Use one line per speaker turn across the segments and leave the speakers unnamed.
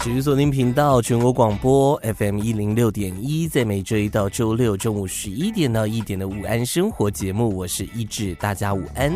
持續鎖定頻道，全國廣播 FM 一零六點一，在每周一到周六中午十一點到一點的午安生活節目，我是1誌，大家午安。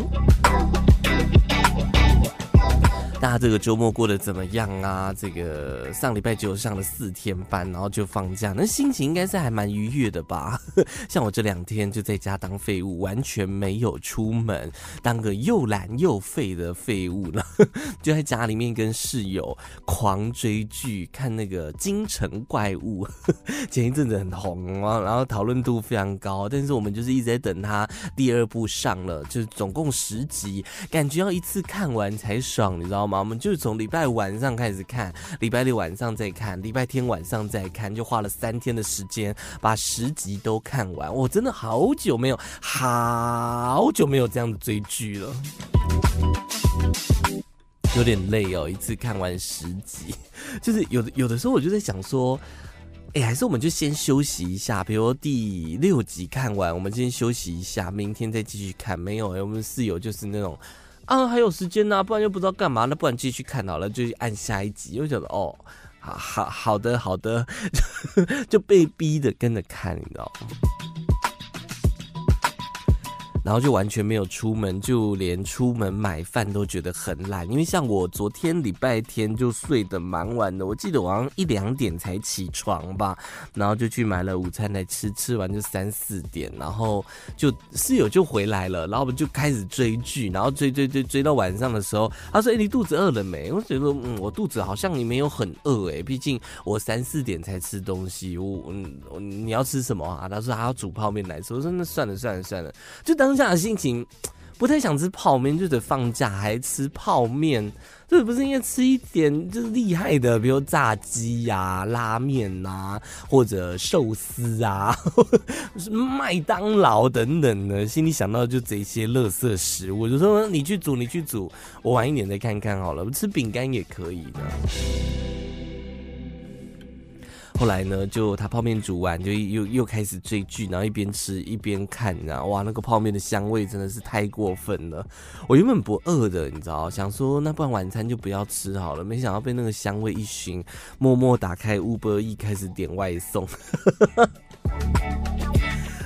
大家這個周末過得怎麼樣啊？這個上禮拜只有上了四天班，然後就放假，那心情應該是還蠻愉悅的吧？ 像我這兩天就在家當廢物，完全沒有出門，當個又懶又廢的廢物呢， 就在家裡面跟室友狂追劇，看那個《京城怪物，》 前一陣子很紅啊，然後討論度非常高，但是我們就是一直在等他第二部上了，就是總共十集，感覺要一次看完才爽，你知道嗎？我們就是從禮拜五晚上開始看，禮拜六晚上再看，禮拜天晚上再看，就花了三天的時間把十集都看完。我、哦、真的好久沒有，好久沒有這樣子追劇了，有點累哦。一次看完十集，就是有的有的時候我就在想說，哎、欸，還是我們就先休息一下，比如第六集看完，我們先休息一下，明天再繼續看。沒有，我們室友就是那種。啊，還有時間呢、啊，不然就不知道幹嘛了。那不然繼續看好了，就去按下一集。又覺得哦，好好，好的好的就，就被逼的跟着看，你知道嗎？然後就完全沒有出門，就連出門買飯都覺得很懶，因為像我昨天禮拜天就睡得蠻晚的，我記得晚上一兩點才起床吧，然後就去買了午餐來吃，吃完就三四點，然後就室友就回來了，然後我們就開始追劇，然後追追追追，追，追到晚上的時候，他說：“欸，你肚子餓了沒？”我覺得嗯，我肚子好像也沒有很餓欸，畢竟我三四點才吃東西，我嗯，你要吃什麼啊？他說他要煮泡麵來吃，我說那算了算了算了，就當。放下的心情，不太想吃泡麵，就得放假還吃泡麵，這不是應該吃一點就是厲害的，比如炸雞呀、啊、拉麵吶、啊，或者壽司啊、麥當勞等等的。心裡想到就這些垃圾食物，就說你去煮，你去煮，我晚一點再看看好了。我吃餅乾也可以的。後來呢，就他泡麵煮完，就又又開始追劇，然後一邊吃一邊看、啊，然後哇，那個泡麵的香味真的是太過分了。我原本不餓的，你知道，想說那不然晚餐就不要吃好了，沒想到被那個香味一熏，默默打開 Uber，一開始點外送，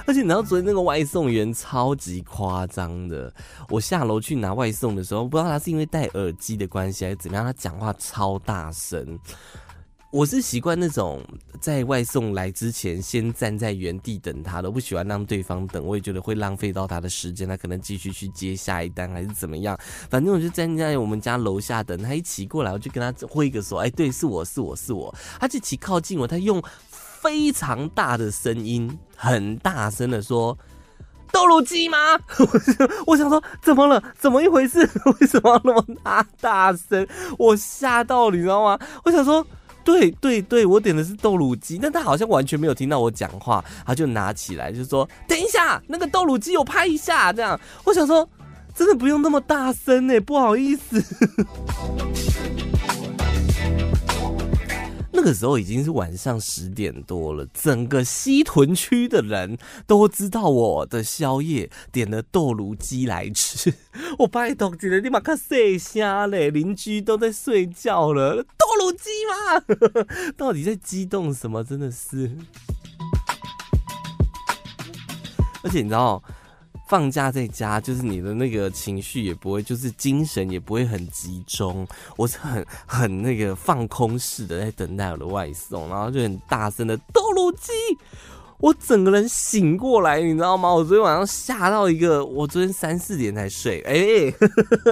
而且然後昨天那個外送員超級誇張的，我下樓去拿外送的時候，不知道他是因為戴耳機的關係還是怎麼樣，他講話超大聲。我是習慣那種在外送來之前，先站在原地等他的，我不喜歡讓對方等，我也覺得會浪費到他的時間。他可能繼續去接下一單還是怎麼樣，反正我就站在我們家樓下等他一起過來，我就跟他揮個說：“哎、欸，對，是我是我是我。是我。”他就騎靠近我，他用非常大的聲音，很大聲的說：“豆乳雞嗎？” 我想說怎麼了？怎麼一回事？為什麼那麼大大聲？我嚇到，你知道嗎？我想說。對對對，我點的是豆乳雞，但他好像完全沒有聽到我講話，他就拿起來就說：“等一下，那個豆乳雞，我拍一下。”這樣，我想說，真的不用那麼大聲欸，不好意思。 這時候已經是晚上十點多了，整個西屯區的人都知道我的宵夜點了豆乳雞來吃。 我拜託，真的你媽卡細聲咧，鄰居都在睡覺了，豆乳雞嘛， 到底在激動什麼？真的是，而且你知道。放假在家，就是你的那個情緒也不會，就是精神也不會很集中。我是很很那個放空式的在等待我的外送，然後就很大聲的豆乳雞。我整個人醒過來，你知道嗎？我昨天晚上嚇到一個，我昨天三四點才睡，哎、欸欸，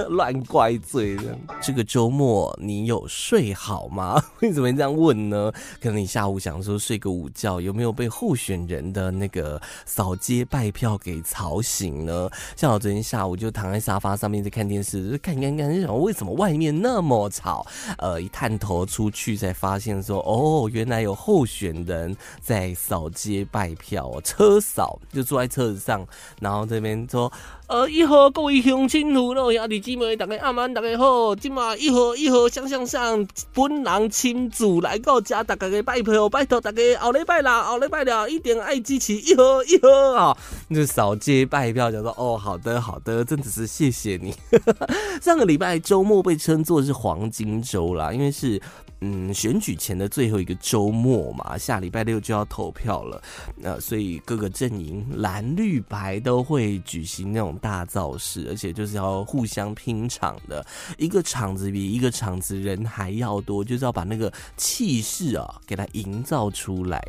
亂怪罪。這個週末你有睡好嗎？為 什麼這樣問呢？可能你下午想說睡個午覺，有沒有被候選人的那個掃街拜票給吵醒呢？像我昨天下午就躺在沙發上面在看電視，就看看看看，看，看，就想為什麼外面那麼吵？呃，一探頭出去才發現說，哦，原來有候選人在掃街。拜票車少就坐在車子上，然後這邊說：呃，一號各位鄉親父老兄弟姐妹，大家阿媽大家好，今嘛一號一號鄉鄉上，本人親主來告家，大家的拜票拜託大家，後禮拜啦，後禮拜了，一定愛支持一號一號啊！就掃街拜票，就說：哦，好的好的，真的是謝謝你。 上個禮拜週末被稱作是黃金週啦，因為是。嗯，選舉前的最後一個周末嘛，下禮拜六就要投票了。那、呃、所以各個陣營藍綠白都會舉行那種大造勢，而且就是要互相拼場的，一個場子比一個場子人還要多，就是要把那個氣勢啊給它營造出來。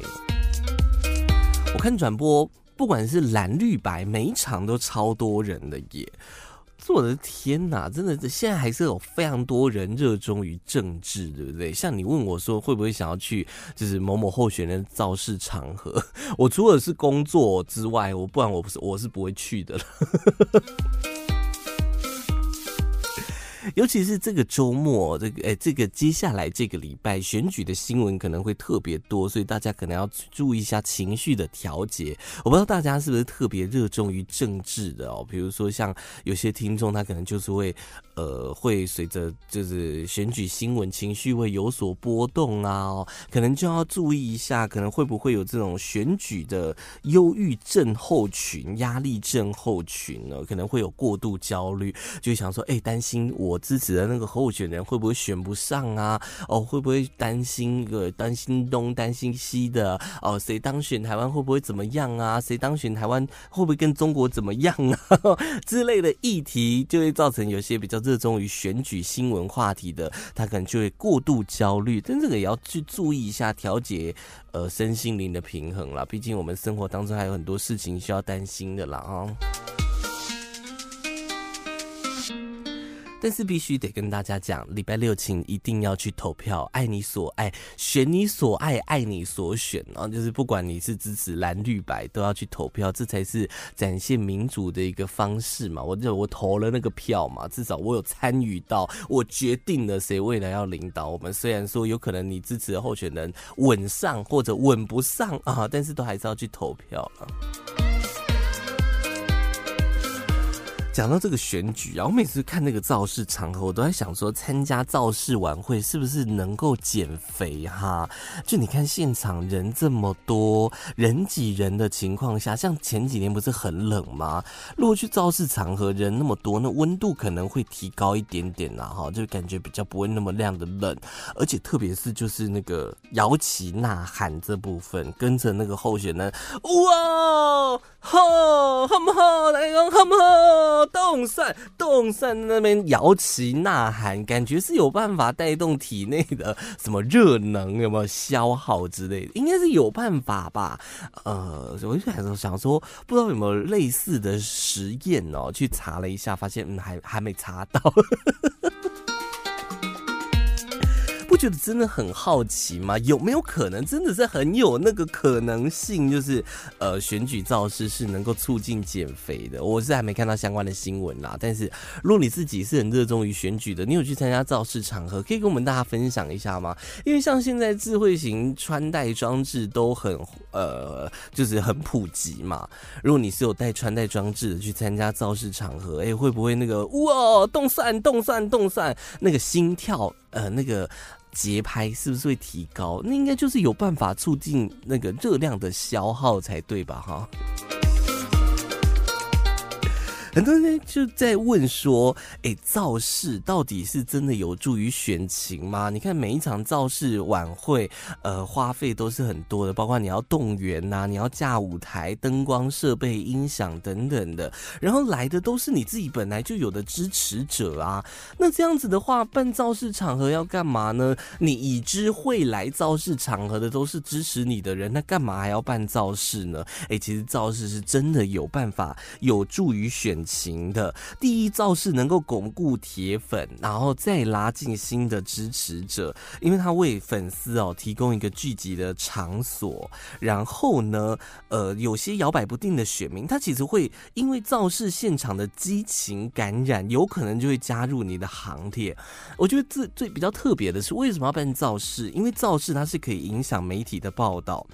我看轉播，不管是藍綠白，每一場都超多人的耶。我的天吶，真的，現在還是有非常多人熱衷於政治，對不對？像你問我說，說會不會想要去，就是某某候選人的造勢場合，我除了是工作之外，我不然我不是，我是不會去的了。 尤其是這個周末，這個哎，這個接下來這個禮拜選舉的新聞可能會特別多，所以大家可能要注意一下情緒的調節。我不知道大家是不是特別熱衷於政治的哦，比如說像有些聽眾，他可能就是會，呃，會隨着就是選舉新聞情緒會有所波動啊、哦，可能就要注意一下，可能會不會有這種選舉的憂鬱症候群、壓力症候群呢、哦？可能會有過度焦慮，就想說，哎，擔心我。支持的那個候選人會不會選不上啊？哦，會不會擔心個、呃、擔心東擔心西的？哦，誰當選台灣會不會怎麼樣啊？誰當選台灣會不會跟中國怎麼樣啊？ 之類的議題，就會造成有些比較熱衷於選舉新聞話題的，他可能就會過度焦慮。但這個也要去注意一下，調節呃身心靈的平衡啦。畢竟我們生活當中還有很多事情需要擔心的啦啊、哦。但是必須得跟大家講，禮拜六請一定要去投票，愛你所愛，選你所愛，愛你所選啊！就是不管你是支持藍綠白，都要去投票，這才是展現民主的一個方式嘛。我我投了那個票嘛，至少我有參與到，我決定了誰未來要領導我們。雖然說有可能你支持候選人穩上或者穩不上啊，但是都還是要去投票啊。講到這個選舉啊，然後我每次看那個造勢場合，我都在想說，參加造勢晚會是不是能夠減肥哈？就你看現場人這麼多，人擠人的情況下，像前幾年不是很冷嗎？如果去造勢場合人那麼多，那溫度可能會提高一點點然後、啊、哈，就感覺比較不會那麼亮的冷。而且特別是就是那個搖旗吶喊這部分，跟着那個候選人，哇，好、哦，好不好？來，講好不好？凍蒜凍蒜，那邊搖旗吶喊，感覺是有辦法帶動體內的什麼熱能有沒有消耗之類的，應該是有辦法吧？呃，我就想說，不知道有沒有類似的實驗哦？去查了一下，發現、嗯、還還沒查到。 我覺得真的很好奇嘛？有沒有可能真的是很有那個可能性？就是，呃，選舉造勢是能夠促進減肥的。我是還沒看到相關的新聞啦。但是，如果你自己是很熱衷於選舉的，你有去參加造勢場合，可以跟我們大家分享一下嗎？因為像現在智慧型穿戴裝置都很，呃，就是很普及嘛。如果你是有帶穿戴裝置的，去參加造勢場合，哎、欸，會不會那個哇，動散動散動散，那個心跳？呃，那個節拍是不是會提高？那應該就是有辦法促進那個熱量的消耗才對吧？哈。很多人就在問說：“誒、欸，造勢到底是真的有助於選情嗎？你看每一場造勢晚會，呃，花費都是很多的，包括你要動員吶、啊，你要架舞台、燈光設備、音響等等的。然後來的都是你自己本來就有的支持者啊。那這樣子的話，辦造勢場合要幹嘛呢？你已知會來造勢場合的都是支持你的人，那幹嘛還要辦造勢呢？誒、欸，其實造勢是真的有辦法有助於選。”情的第一造勢能夠鞏固鐵粉，然後再拉近新的支持者，因為他為粉絲哦提供一個聚集的場所。然後呢，呃，有些搖擺不定的選民，他其實會因為造勢現場的激情感染，有可能就會加入你的行列。我覺得最最比較特別的是為什麼要辦造勢？因為造勢它是可以影響媒體的報道。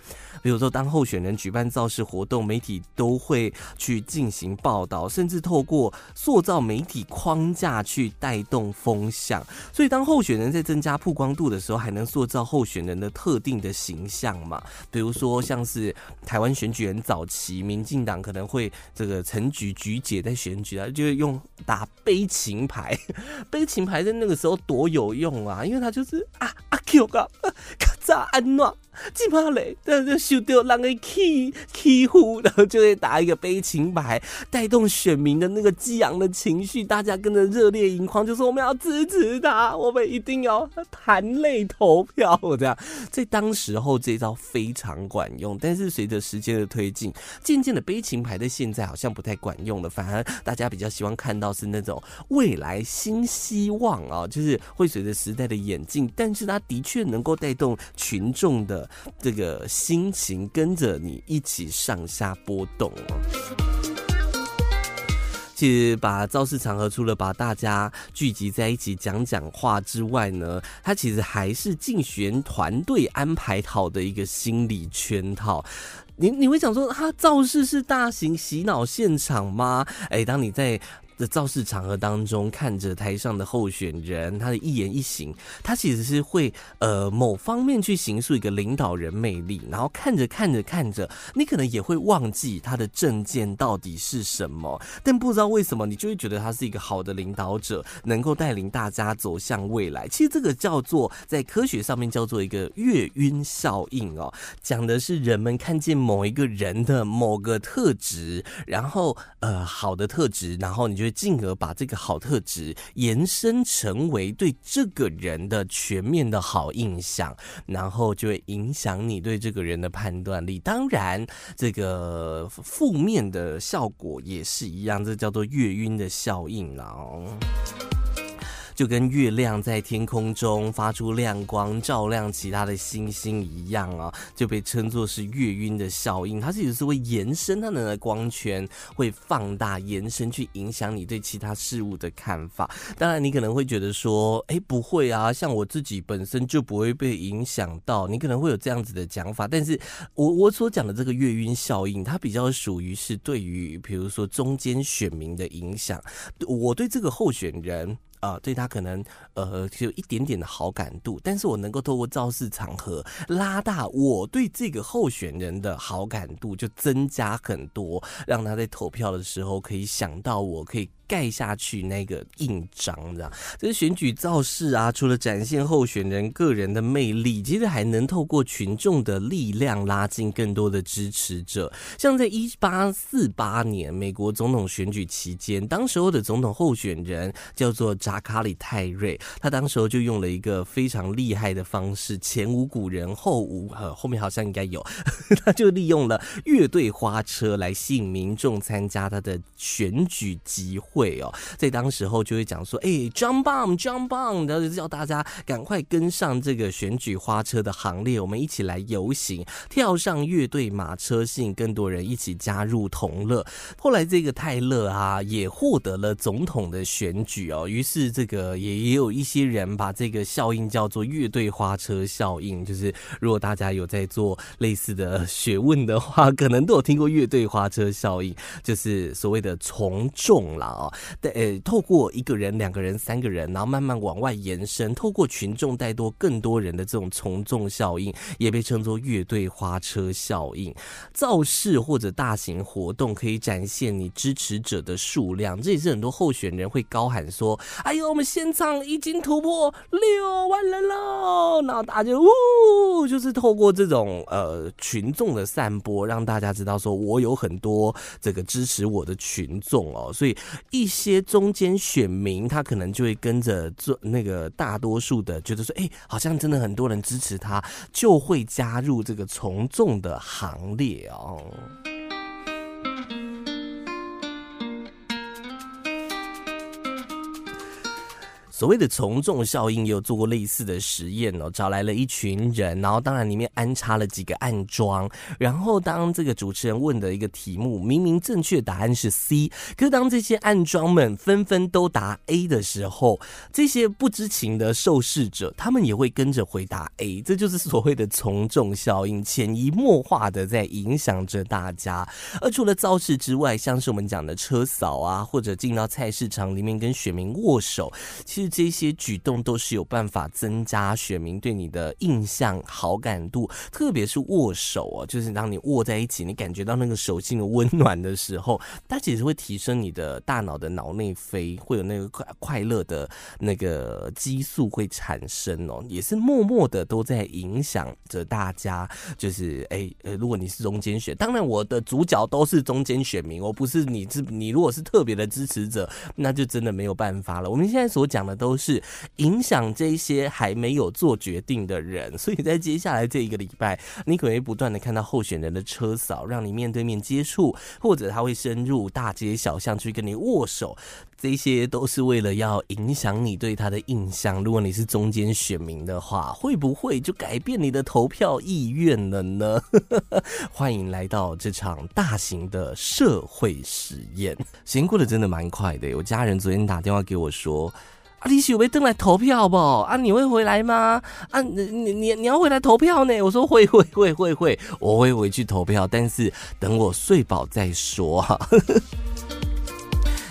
比如說，當候選人舉辦造勢活動，媒體都會去進行報道，甚至透過塑造媒體框架去帶動風向。所以，當候選人在增加曝光度的時候，還能塑造候選人的特定的形象嘛？比如說，像是台灣選舉人早期，民進黨可能會這個陳菊菊姐在選舉啊，就是用打悲情牌，悲情牌在那個時候多有用啊！因為他就是啊啊 Q 啊，啊炸安諾雞媽雷，但是。就就讓個 key 哭，然後就會打一個悲情牌，帶動選民的那個激昂的情緒，大家跟着熱淚盈眶，就說我們要支持他，我們一定要含淚投票。我這樣，在當時候這一招非常管用，但是隨着時間的推進，漸漸的悲情牌在現在好像不太管用了，反而大家比較希望看到是那種未來新希望啊，就是會隨着時代的演進，但是它的確能夠帶動群眾的這個心情。行，跟着你一起上下波動。其實，把造勢場合除了把大家聚集在一起講講話之外呢，它其實還是競選團隊安排好的一個心理圈套。你你會想說，它、啊、造勢是大型洗腦現場嗎？哎、欸，當你在的造勢場合當中，看着台上的候選人，他的一言一行，他其實是會呃某方面去形塑一個領導人魅力。然後看着看着看着，你可能也會忘記他的政見到底是什麼，但不知道為什麼，你就會覺得他是一個好的領導者，能夠帶領大家走向未來。其實這個叫做，在科學上面叫做一個月暈效應哦、喔，講的是人們看見某一個人的某個特質，然後呃好的特質，然後你就。進而把這個好特質延伸成為對這個人的全面的好印象，然後就會影響你對這個人的判斷力。當然，這個負面的效果也是一樣，這叫做月暈的效應哦。就跟月亮在天空中發出亮光，照亮其他的星星一樣啊、喔，就被稱作是月暈的效應。它其實是會延伸它的光圈，會放大、延伸去影響你對其他事物的看法。當然，你可能會覺得說，哎、欸，不會啊，像我自己本身就不會被影響到。你可能會有這樣子的講法，但是我我所講的這個月暈效應，它比較屬於是對於，比如說中間選民的影響。我對這個候選人。啊，對他可能呃只有一點點的好感度，但是我能夠透過造勢場合拉大我對這個候選人的好感度，就增加很多，讓他在投票的時候可以想到我可以。蓋下去那個印章，的，這個選舉造勢啊，除了展現候選人個人的魅力，其實還能透過群眾的力量拉近更多的支持者。像在一八四八年美國總統選舉期間，當時候的總統候選人叫做扎卡里·泰瑞，他當時候就用了一個非常厲害的方式，前無古人，後無，呃，後面好像應該有，呵呵，他就利用了樂隊花車來吸引民眾參加他的選舉集會。對哦，在當時候就會講說，哎，jump on，jump on，然後就叫大家趕快跟上這個選舉花車的行列，我們一起來遊行，跳上樂隊馬車，吸引更多人一起加入同樂。後來這個泰勒啊，也獲得了總統的選舉哦。於是這個也也有一些人把這個效應叫做樂隊花車效應。就是如果大家有在做類似的學問的話，可能都有聽過樂隊花車效應，就是所謂的從眾啦。呃、欸，透過一個人，兩個人，三個人，然後慢慢往外延伸，透過群眾帶動更多人的這種從眾效應，也被稱作樂隊花車效應。造勢或者大型活動可以展現你支持者的數量，這也是很多候選人會高喊說：“哎呦，我們現場已經突破六萬人了。”然後大家嗚，就是透過這種呃群眾的散播，讓大家知道說我有很多這個支持我的群眾哦，所以。一些中間選民，他可能就會跟着做那個大多數的，覺得說，哎、欸，好像真的很多人支持他，就會加入這個從眾的行列哦。所謂的從眾效應也有做過類似的實驗哦，找來了一群人，然後當然裡面安插了幾個暗樁，然後當這個主持人問的一個題目，明明正確答案是 C，可是當這些暗樁們紛紛都答 A 的時候，這些不知情的受試者他們也會跟着回答 A，這就是所謂的從眾效應，潛移默化的在影響着大家。而除了造勢之外，像是我們講的車掃啊，或者進到菜市場裡面跟選民握手，其實。這些舉動都是有辦法增加選民對你的印象好感度，特別是握手啊、喔，就是當你握在一起，你感覺到那個手心的溫暖的時候，它其實會提升你的大腦的腦內啡，會有那個快快樂的那個激素會產生哦、喔，也是默默的都在影響着大家，就是哎、欸呃，如果你是中間選，當然我的主角都是中間選民，我不是你支，你如果是特別的支持者，那就真的沒有辦法了。我們現在所講的。都是影響這些還沒有做決定的人，所以在接下來這一個禮拜，你可能會不斷的看到候選人的車嫂，讓你面對面接觸，或者他會深入大街小巷去跟你握手，這些都是為了要影響你對他的印象。如果你是中間選民的話，會不會就改變你的投票意願了呢？ 歡迎來到這場大型的社會實驗。時間過得真的蠻快的，我家人昨天打電話給我說。阿麗許有沒有登來投票不？啊，你會回來嗎？啊，你你你要回來投票呢？我說會會會會會，我會回去投票，但是等我睡飽再說啊。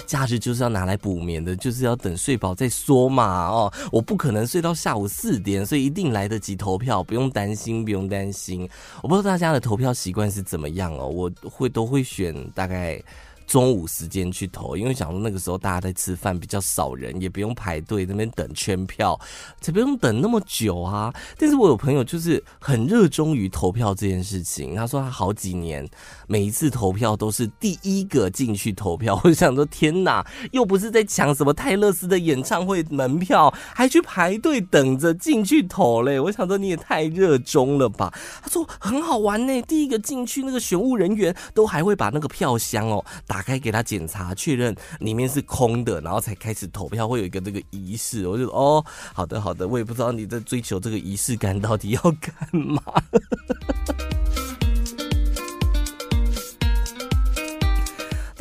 價 值就是要拿來補眠的，就是要等睡飽再說嘛。哦，我不可能睡到下午四點，所以一定來得及投票，不用擔心，不用擔心。我不知道大家的投票習慣是怎麼樣哦，我會都會選大概中午時間去投，因為想說那個時候大家在吃飯，比較少人，也不用排隊，那邊等圈票，才不用等那麼久啊。但是我有朋友就是很熱衷於投票這件事情，他說他好幾年，每一次投票都是第一個進去投票，我就想說天哪，又不是在搶什麼泰勒斯的演唱會門票，還去排隊等着進去投嘞！我想說你也太熱衷了吧。他說很好玩呢，第一個進去那個選務人員都還會把那個票箱哦打開給他檢查確認裡面是空的，然後才開始投票，會有一個這個儀式。我就說哦，好的好的，我也不知道你在追求這個儀式感到底要幹嘛。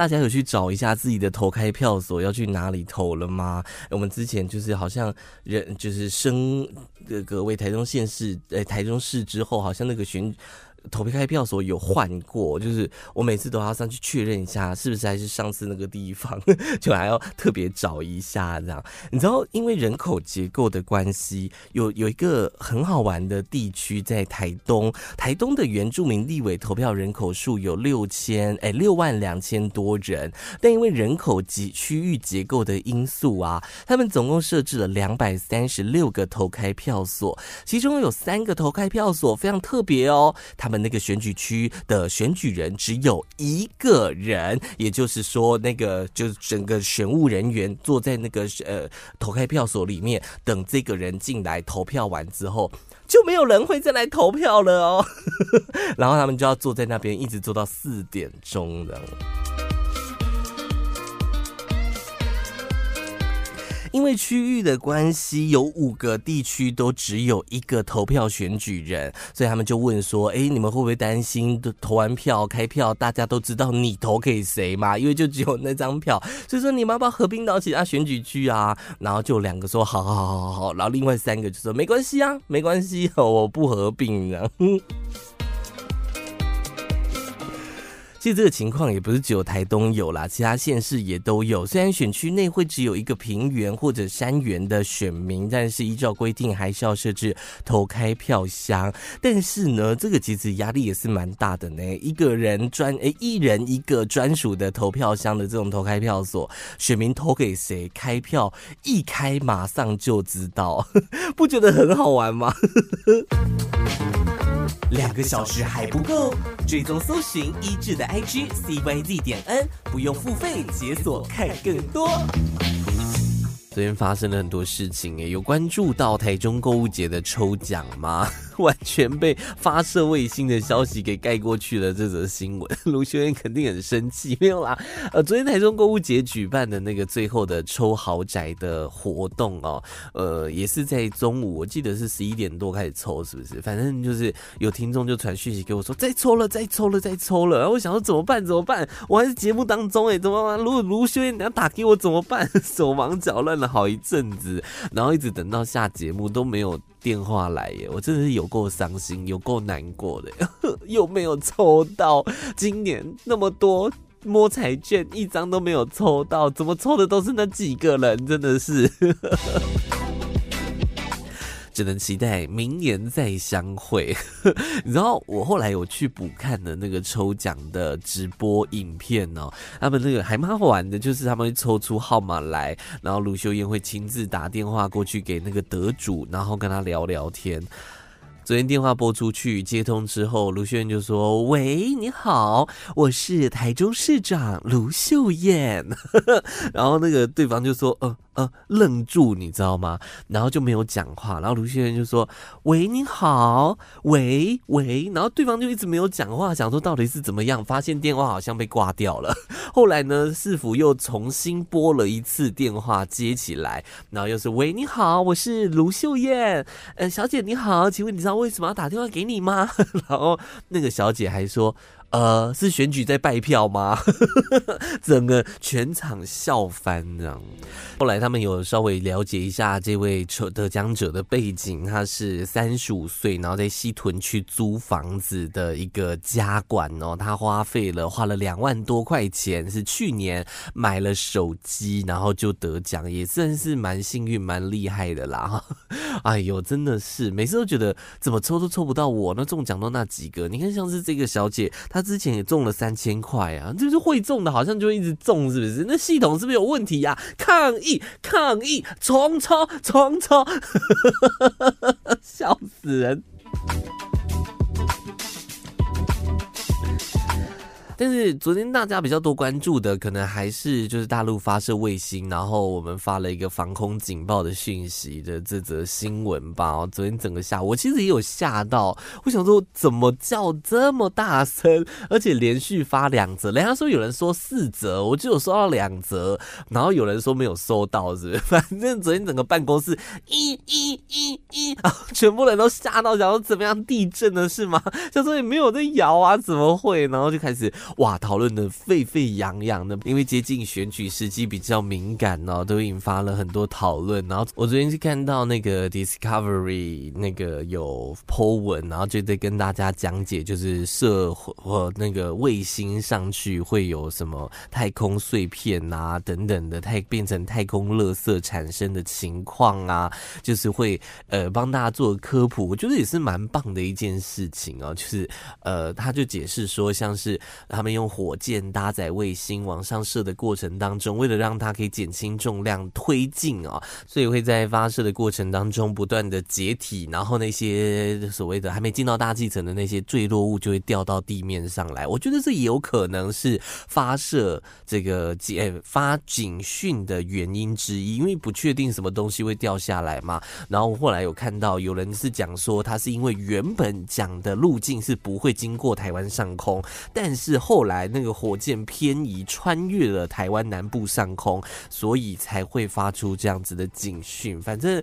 大家有去找一下自己的投開票所要去哪裡投了嗎？我們之前就是好像人就是升這個為台中縣市呃、欸、台中市之後，好像那個選。投票開票所有換過，就是我每次都要上去確認一下是不是還是上次那個地方， 就還要特別找一下這樣。你知道，因為人口結構的關係，有有一個很好玩的地區在台東。台東的原住民立委投票人口數有六千，哎，六萬兩千多人，但因為人口及區域結構的因素啊，他們總共設置了兩百三十六個投開票所，其中有三個投開票所非常特別哦，他們那個選舉區的選舉人只有一個人，也就是說，那個就是整個選務人員坐在那個呃投開票所裡面，等這個人進來投票完之後，就沒有人會再來投票了哦。 然後他們就要坐在那邊，一直坐到四點鐘了因為區域的關係，有五個地區都只有一個投票選舉人，所以他們就問說：“誒，你們會不會擔心投完票開票，大家都知道你投給誰嘛？因為就只有那張票，所以說你們要不要合併到其他選舉區啊？”然後就兩個說：“好好好好好。”然後另外三個就說：“沒關係啊，沒關係、哦，我不合併。”啊。’ 知其實這個情況也不是只有台東有啦，其他縣市也都有。雖然選區內會只有一個平原或者山原的選民，但是依照規定還是要設置投開票箱。但是呢，這個其實壓力也是蠻大的呢。一個人專，誒、欸，一人一個專屬的投票箱的這種投開票所，選民投給誰，開票一開馬上就知道， 不覺得很好玩嗎？ 兩個小時還不夠？追蹤搜尋一誌的 IG CYZ 點 N，不用付費解鎖看更多。昨天發生了很多事情誒，有關注到台中購物節的抽獎嗎？完全被發射衛星的消息給蓋過去了這，這則新聞，盧秀燕肯定很生氣，沒有啦。呃，昨天台中購物節舉辦的那個最後的抽豪宅的活動哦，喔，呃，也是在中午，我記得是十一點多開始抽，是不是？反正就是有聽眾就傳訊息給我說，再抽了，再抽了，再抽了。然後我想說怎麼辦？怎麼辦？我還是節目當中誒，怎麼玩，如果盧秀燕你要打給我怎麼辦？手忙腳亂。好一陣子，然後一直等到下節目都沒有電話來耶，我真的是有夠傷心，有夠難過的， 又沒有抽到，今年那麼多摸彩券，一張都沒有抽到，怎麼抽的都是那幾個人，真的是。 只能期待明年再相會。然 後我後來有去補看的那個抽獎的直播影片哦，他們那個還蠻好玩的，就是他們會抽出號碼來，然後盧秀燕會親自打電話過去給那個得主，然後跟他聊聊天。昨天電話撥出去接通之後，盧秀燕就說：“喂，你好，我是台中市長盧秀燕。 ”然後那個對方就說：“嗯、呃。”呃，愣住，你知道嗎？然後就沒有講話。然後盧秀燕就說：“喂，你好，喂喂。”然後對方就一直沒有講話，想說到底是怎麼樣，發現電話好像被掛掉了。 後來呢，市府又重新撥了一次電話，接起來，然後又是：“喂，你好，我是盧秀燕。嗯、呃，小姐你好，請問你知道為什麼要打電話給你嗎？” 然後那個小姐還說。呃，是選舉在拜票嗎？ 整個全場笑翻這樣。後來他們有稍微了解一下這位得獎者的背景，他是三十五歲，然後在西屯區租房子的一個家管哦。他花費了花了兩萬多塊錢，是去年買了手機，然後就得獎，也算是蠻幸運、蠻厲害的啦。 哎呦，真的是每次都覺得怎麼抽都抽不到我，那中獎都那幾個。你看像是這個小姐，她。他之前也中了三千塊啊，就是會中的，好像就會一直中，是不是？那系統是不是有問題呀，啊？抗議！抗議！重抽！重抽，！ 笑死人！但是昨天大家比較多關注的，可能還是就是大陸發射衛星，然後我們發了一個防空警報的訊息的這則新聞吧。昨天整個下午，我其實也有嚇到。我想說，怎麼叫這麼大聲，而且連續發兩則？人家說，有人說四則，我就有收到兩則，然後有人說沒有收到是不是。反正昨天整個辦公室一一一一，然後全部人都嚇到，想說怎麼樣地震了是嗎？想說也沒有在搖啊，怎麼會？然後就開始。哇，討論的沸沸揚揚的，因為接近選舉時機比較敏感呢、哦，都引發了很多討論。然後我昨天是看到那個 Discovery 那個有 Po 文，然後就在跟大家講解，就是社會或那個衛星上去會有什麼太空碎片啊等等的太變成太空垃圾產生的情況啊，就是會呃幫大家做科普，我覺得也是蠻棒的一件事情哦。就是呃，他就解釋說像是。呃他們用火箭搭載衛星往上射的過程當中，為了讓它可以減輕重量推進啊，所以會在發射的過程當中不斷的解體，然後那些所謂的還沒進到大氣層的那些墜落物就會掉到地面上來。我覺得這也有可能是發射這個警、哎、發警訊的原因之一，因為不確定什麼東西會掉下來嘛。然後後來有看到有人是講說，他是因為原本講的路徑是不會經過台灣上空，但是後來那個火箭偏移，穿越了台灣南部上空，所以才會發出這樣子的警訊。反正。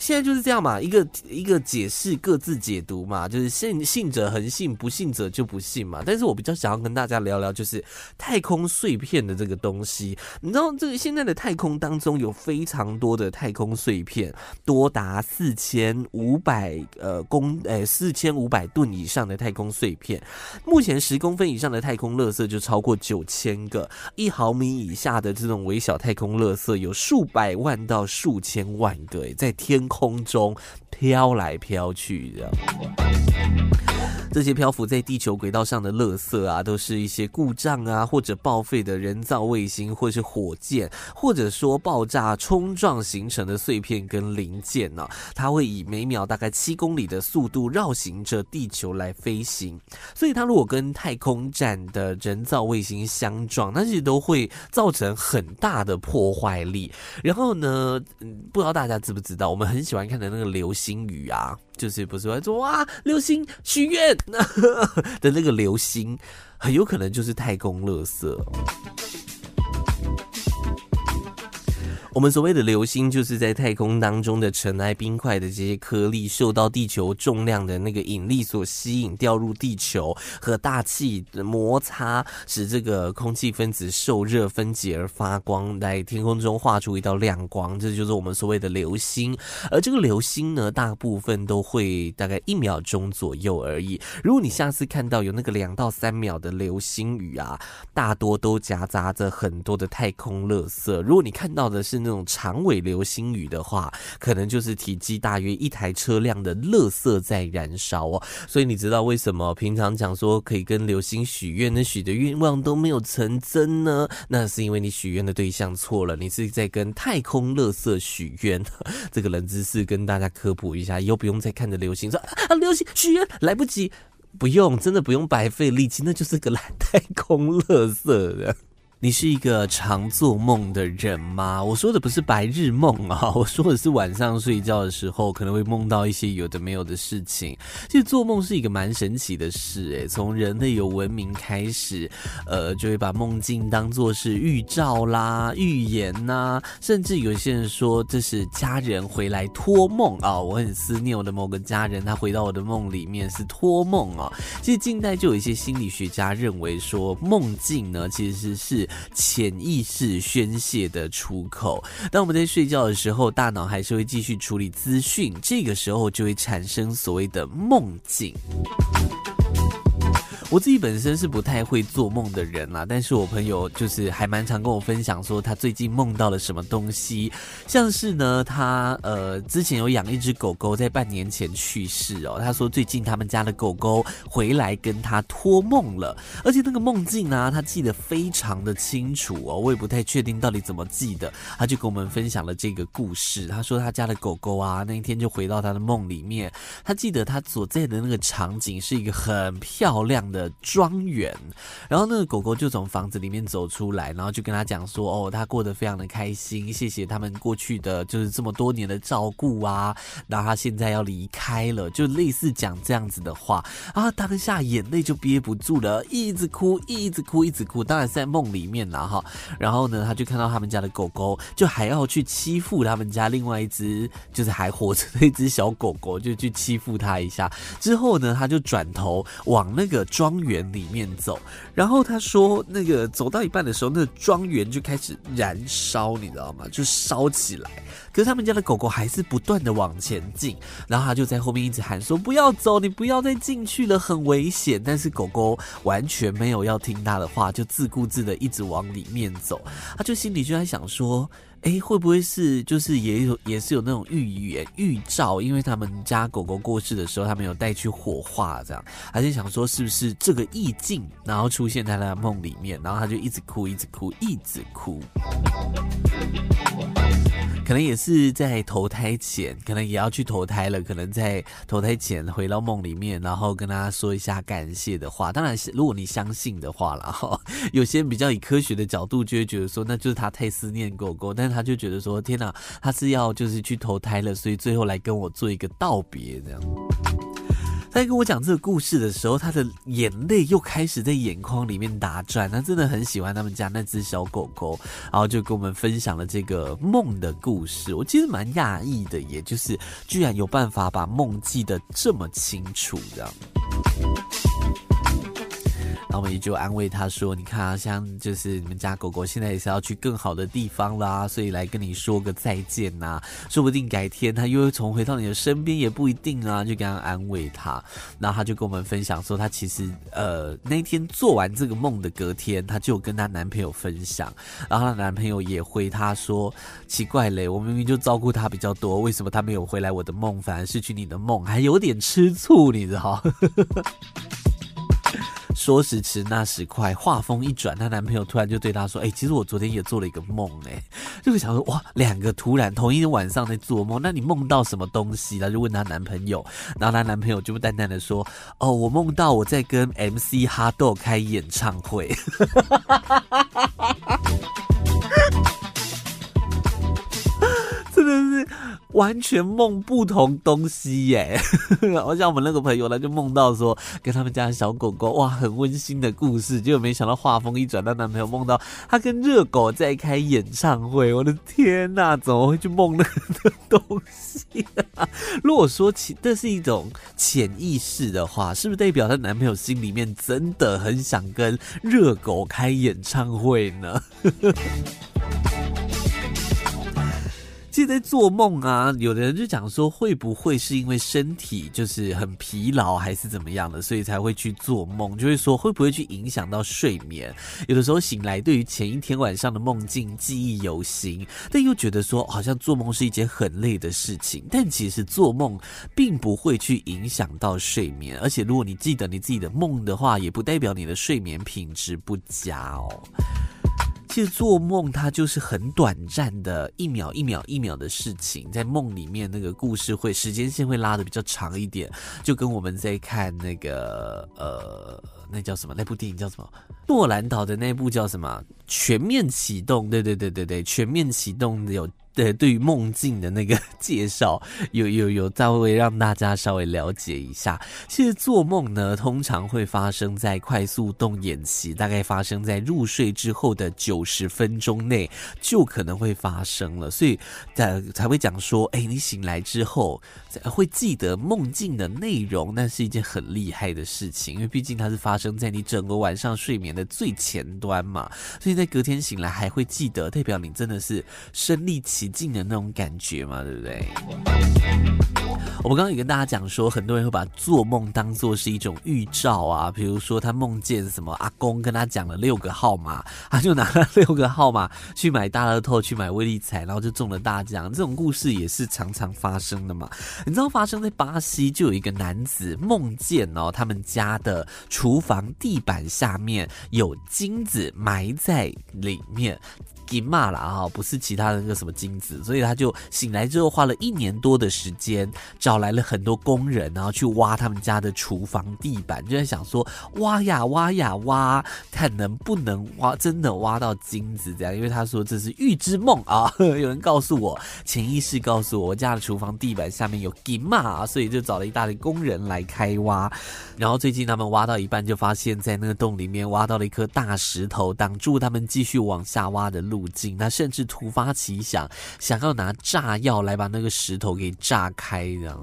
現在就是這樣嘛，一個一個解釋，各自解讀嘛，就是信信者恆信，不信者就不信嘛。但是我比較想要跟大家聊聊，就是太空碎片的這個東西。你知道，這個現在的太空當中有非常多的太空碎片，多達四千五百呃公呃四千五百噸以上的太空碎片。目前十公分以上的太空垃圾就超過九千個，一毫米以下的這種微小太空垃圾有數百萬到數千萬個，欸，在天。空中，飄來飄去的，的這些漂浮在地球軌道上的“垃圾”啊，都是一些故障啊，或者報廢的人造衛星，或者是火箭，或者說爆炸、衝撞形成的碎片跟零件呢、啊。它會以每秒大概七公里的速度繞行着地球來飛行。所以，它如果跟太空站的人造衛星相撞，那其實都會造成很大的破壞力。然後呢，不知道大家知不知道，我們很喜歡看的那個流星，星雨啊，就是不是在說說哇，流星許願的那個流星，很有可能就是太空垃圾。我們所謂的流星，就是在太空當中的塵埃、冰塊的這些顆粒，受到地球重量的那個引力所吸引，掉入地球和大氣摩擦，使這個空氣分子受熱分解而發光，在天空中畫出一道亮光，這就是我們所謂的流星。而這個流星呢，大部分都會大概一秒鐘左右而已。如果你下次看到有那個兩到三秒的流星雨啊，大多都夾雜着很多的太空垃圾。如果你看到的是，那種長尾流星雨的話，可能就是體積大約一台車輛的垃圾在燃燒哦。所以你知道為什麼平常講說可以跟流星許願，那許的願望都沒有成真呢？那是因為你許願的對象錯了，你是在跟太空垃圾許願。這個冷知識跟大家科普一下，以後不用再看着流星說啊，流星許願來不及，不用，真的不用白費力氣，那就是個來太空垃圾的。你是一個常做夢的人嗎？我說的不是白日夢啊，我說的是晚上睡覺的時候可能會夢到一些有的沒有的事情。其實做夢是一個蠻神奇的事誒，從人類有文明開始，呃，就會把夢境當做是預兆啦、預言吶，甚至有些人說這是家人回來託夢啊，我很思念我的某個家人，他回到我的夢裡面是託夢啊。其實近代就有一些心理學家認為說夢境呢其實是。潛意識宣洩的出口。當我們在睡覺的時候，大腦還是會繼續處理資訊，這個時候就會產生所謂的夢境。我自己本身是不太會做夢的人啦、啊，但是我朋友就是還蠻常跟我分享說他最近夢到了什麼東西，像是呢，他呃之前有養一隻狗狗，在半年前去世哦，他說最近他們家的狗狗回來跟他托夢了，而且那個夢境呢、啊、他記得非常的清楚哦，我也不太確定到底怎麼記得，他就跟我們分享了這個故事，他說他家的狗狗啊，那一天就回到他的夢裡面，他記得他所在的那個場景是一個很漂亮的的莊園，然後那個狗狗就從房子裡面走出來，然後就跟他講說：“哦，他過得非常的開心，謝謝他們過去的就是這麼多年的照顧啊，然後他現在要離開了，就類似講這樣子的話啊，當下眼淚就憋不住了，一直哭，一直哭，一直哭，一直哭。當然是在夢裡面了哈，然後呢，他就看到他們家的狗狗，就還要去欺負他們家另外一隻，就是還活着的一隻小狗狗，就去欺負它一下。之後呢，他就轉頭往那個莊。莊園裡面走，然後他說那個走到一半的時候，那個莊園就開始燃燒，你知道嗎？就燒起來。可是他們家的狗狗還是不斷的往前進，然後他就在後面一直喊說：“不要走，你不要再進去了，很危險。”但是狗狗完全沒有要聽他的話，就自顧自的一直往裡面走。他就心裡就在想說。哎，會不會是就是也有也是有那種預言預兆？因為他們家狗狗過世的時候，他們有帶去火化，這樣他就想說是不是這個意境，然後出現在他的夢裡面，然後他就一直哭，一直哭，一直哭。 可能也是在投胎前，可能也要去投胎了。可能在投胎前回到夢裡面，然後跟他說一下感謝的話。當然，如果你相信的話啦哈，有些人比較以科學的角度就會覺得說，那就是他太思念狗狗。但是他就覺得說，天哪，他是要就是去投胎了，所以最後來跟我做一個道別這樣。在跟我講這個故事的時候，他的眼淚又開始在眼眶裡面打轉。他真的很喜歡他們家那隻小狗狗，然後就跟我們分享了這個夢的故事。我其實蠻訝異的，也就是居然有辦法把夢記得這麼清楚，這樣。然後我們也就安慰他說：“你看啊，像就是你們家狗狗現在也是要去更好的地方啦，所以來跟你說個再見吶、啊。說不定改天它又會重回到你的身邊，也不一定啊。”就跟他安慰他，然後他就跟我們分享說，他其實呃那天做完這個夢的隔天，他就跟他男朋友分享，然後他男朋友也回他說：“奇怪嘞，我明明就照顧他比較多，為什麼他沒有回來我的夢，反而失去你的夢，還有點吃醋，你知道？” 說時遲，那時快，畫風一轉，她男朋友突然就對她說：“哎、欸，其實我昨天也做了一個夢、欸，哎，就想說哇，兩個突然同一天晚上的做夢，那你夢到什麼東西？她就問她男朋友，然後她男朋友就淡淡的說：“哦，我夢到我在跟 MC 哈豆開演唱會。 ”真的是。完全夢不同東西耶、欸！好 像我們那個朋友呢，就夢到說跟他們家小狗狗哇，很溫馨的故事。結果沒想到畫風一轉，她男朋友夢到他跟熱狗在開演唱會。我的天吶、啊，怎麼會去夢那個東西、啊？如果說起這是一種潛意識的話，是不是代表她男朋友心裡面真的很想跟熱狗開演唱會呢？ 就在做夢啊！有的人就講說，會不會是因為身體就是很疲勞還是怎麼樣的，所以才會去做夢？就會、是、說會不會去影響到睡眠？有的時候醒來，對於前一天晚上的夢境記憶猶新，但又覺得說好像做夢是一件很累的事情。但其實做夢並不會去影響到睡眠，而且如果你記得你自己的夢的話，也不代表你的睡眠品質不佳哦。其實做夢它就是很短暫的一秒、一秒、一秒的事情，在夢裡面那個故事會時間線會拉得比較長一點，就跟我們在看那個呃，那叫什麼？那部電影叫什麼？諾蘭導的那部叫什麼？全面啟動，對對對對對，全面啟動的有。對，對於夢境的那個介紹，有有有稍微讓大家稍微了解一下。其實做夢呢，通常會發生在快速動眼期，大概發生在入睡之後的九十分鐘內，就可能會發生了。所以，才、呃、才會講說，哎，你醒來之後。會記得夢境的內容，那是一件很厲害的事情，因為畢竟它是發生在你整個晚上睡眠的最前端嘛，所以在隔天醒來還會記得，代表你真的是身歷其境的那種感覺嘛，對不對？我們剛剛也跟大家講說，很多人會把做夢當做是一種預兆啊，比如說他夢見什麼阿公跟他講了六個號碼，他就拿了六個號碼去買大樂透、去買威力彩，然後就中了大獎，這種故事也是常常發生的嘛。你知道發生在巴西就有一個男子夢見哦，他們家的廚房地板下面有金子埋在裡面，金馬了啊、哦，不是其他的那個什麼金子，所以他就醒來之後花了一年多的時間，找來了很多工人然後去挖他們家的廚房地板，就在想說挖呀挖呀挖，看能不能挖真的挖到金子這樣，因為他說這是預知夢啊，有人告訴我，潛意識告訴我，我家的廚房地板下面有。給罵， 所以就找了一大堆工人來開挖。然後最近他們挖到一半，就發現，在那個洞裡面挖到了一顆大石頭，擋住他們繼續往下挖的路徑。他甚至突發奇想，想要拿炸藥來把那個石頭給炸開，這樣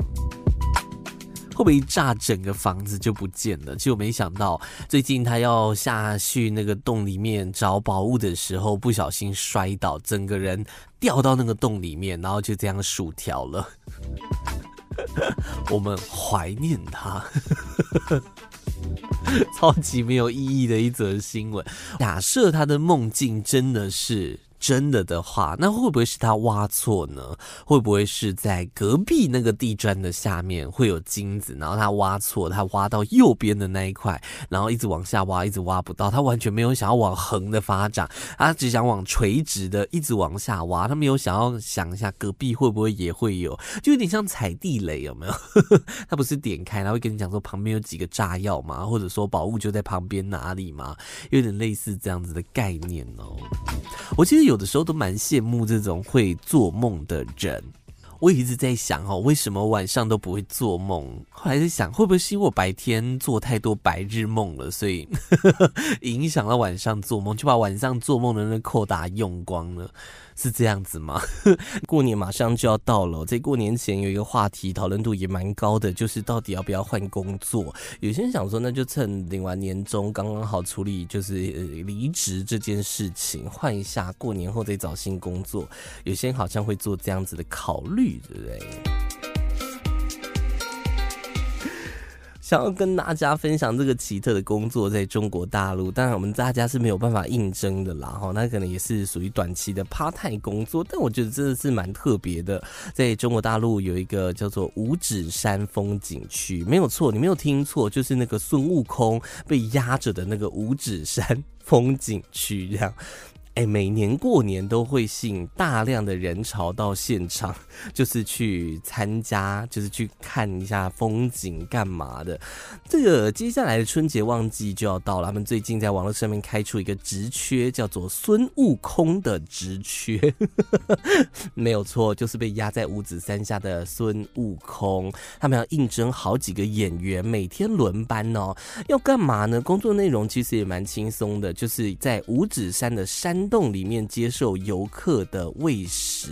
會不會一炸整個房子就不見了？結果沒想到，最近他要下去那個洞裡面找寶物的時候，不小心摔倒，整個人掉到那個洞裡面，然後就這樣薯條了。 我們懷懷念他， 超級沒有意義的一則新聞。假設他的夢境真的是……真的的話，那會不會是他挖錯呢？會不會是在隔壁那個地磚的下面會有金子？然後他挖錯，他挖到右邊的那一塊，然後一直往下挖，一直挖不到。他完全沒有想要往橫的發展，他只想往垂直的一直往下挖。他沒有想要想一下隔壁會不會也會有，就有點像踩地雷，有沒有？ 他不是點開，他會跟你講說旁邊有幾個炸藥嘛，或者說寶物就在旁邊哪裡嘛，有點類似這樣子的概念哦。我其實有。有的時候都蠻羨慕這種會做夢的人，我一直在想哦，為什麼晚上都不會做夢？後來在想，會不會是因為我白天做太多白日夢了，所以影響 到晚上做夢，就把晚上做夢的那扣打用光了。是這樣子嗎？ 過年馬上就要到了喔，在過年前有一個話題討論度也蠻高的，就是到底要不要換工作？有些人想說，那就趁領完年終，剛剛好處理就是，呃，離職這件事情，換一下過年後再找新工作。有些人好像會做這樣子的考慮，對不對？想要跟大家分享這個奇特的工作，在中國大陸，當然我們大家是沒有辦法應徵的啦，哈，那可能也是屬於短期的 part-time 工作，但我覺得真的是蠻特別的。在中國大陸有一個叫做五指山風景區，沒有錯，你沒有聽錯，就是那個孫悟空被壓着的那個五指山風景區，這樣。哎，每年過年都會吸引大量的人潮到現場，就是去參加，就是去看一下風景幹嘛的。這個接下來的春節旺季就要到了。他們最近在網絡上面開出一個職缺，叫做孫悟空的職缺， 沒有錯，就是被壓在五指山下的孫悟空。他們要應徵好幾個演員，每天輪班哦。要幹嘛呢？工作內容其實也蠻輕鬆的，就是在五指山的山洞裡面接受遊客的餵食。